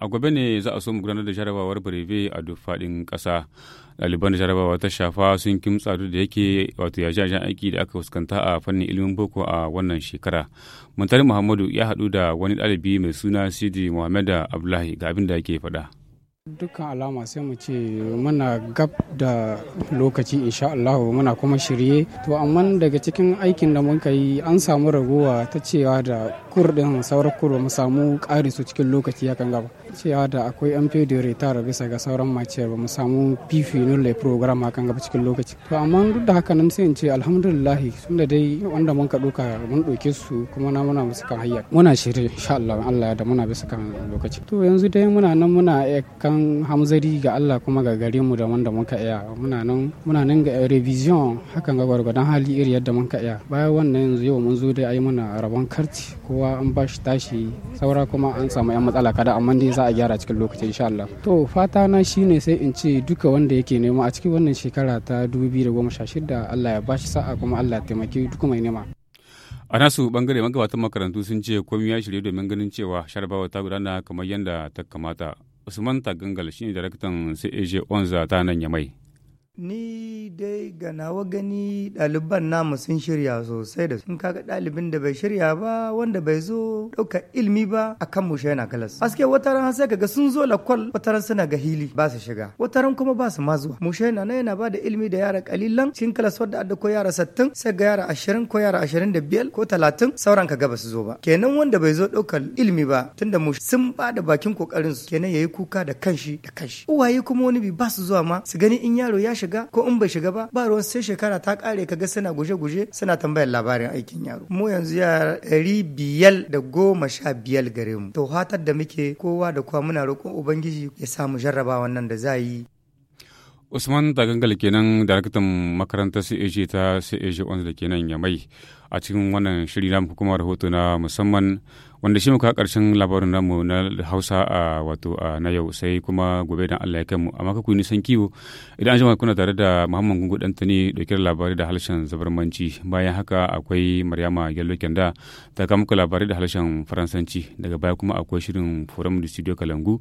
a gobe ne za a so mu gudanar da jarabawar birebe a duk faɗin ƙasa ɗaliban da jarabawa ta shafa sun kimtsa duk da yake wato ya jajen aiki da aka fuskanta a fannin ilimin boko a wannan shekara muntari muhammadu ya haɗu da wani ɗalibi mai suna sidi muhammad abdullahi ga abin da yake faɗa dukkan alama sai mu ce muna gab da lokaci insha Allah muna kuma shirye to amma daga cikin aikin da muka yi an samu ragowa ta cewa da kurdin sauran kurwa mu samu ƙari su cikin lokaci ya kan gaba cewa da akwai yan da tara bisa ga sauran mace ba mu samu pifi nulle program a kan gaba cikin lokaci to amma duk da haka nan sai in ce alhamdulillah tunda dai wanda mun ka doka mun doke su kuma na muna musu kan hayya muna shirye insha Allah Allah ya da muna bisa kan lokaci to yanzu dai muna nan muna kan fatan hamzari ga Allah kuma ga gare mu da wanda muka iya muna nan muna nan ga revision hakan ga gwargwadon hali iri yadda muka iya bayan wannan yanzu yau mun zo dai ayi muna rabon karti kowa an ba shi tashi saura kuma an samu yan matsala kada amma dai za a gyara cikin lokaci insha Allah to fata na shine sai in ce duka wanda yake nema a cikin wannan shekara ta 2016 Allah ya bashi sa'a kuma Allah ya taimake duka mai nema a nasu bangare magabatan makarantu sun ce komai ya shirye domin ganin cewa sharabawa ta gudana kamar yadda ta kamata Usman Tagangal shine daraktan CAG Onza ta nan Yamai. Ni i dai ga nawa gani ɗaliban namu sun shirya sosai da ka ga ɗalibin da bai shirya ba wanda bai zo ɗauka ilmi ba a kan mushe yana kalas aske ran sai kaga sun zo lakwal ran suna ga hili ba su shiga wata wataran kuma ba su ma zuwa mushe na yana ba da ilmi da yara kalilan cikin kalas wadda adda ko yara sattin sai ga yara ashirin ko yara ashirin da biyar ko talatin sauran kaga ba su zo ba kenan wanda bai zo ɗaukar ilmi ba tunda mushe sun ba da bakin kokarin su kenan yi kuka da kanshi da kanshi uwaye kuma wani bi ba su zuwa ma su gani in yaro ya shiga ko in bai shiga ba ba ruwan sai shekara ta kare kaga suna guje-guje suna tambayar labarin aikin yaro mu yanzu yara ɗari biyar da goma sha biyar gare mu to hatar da muke kowa da kowa muna roƙon ubangiji ya samu jarrabawa wannan da za yi Usman Dagangal kenan daraktan makarantar CAG ta CAG wanda da kenan ya mai a cikin wannan shiri namu kuma rahoto na musamman wanda shi muka karshen labarin namu na Hausa a wato a na yau sai kuma gobe dan Allah ya kai mu amma ka nisan kiwo idan an jima kuna tare da Muhammad Gungu dan tani dauke da labarai da harshen zabarmanci bayan haka akwai Maryama Gello Kenda ta kawo labari labarai da harshen Faransanci daga baya kuma akwai shirin Forum Studio Kalangu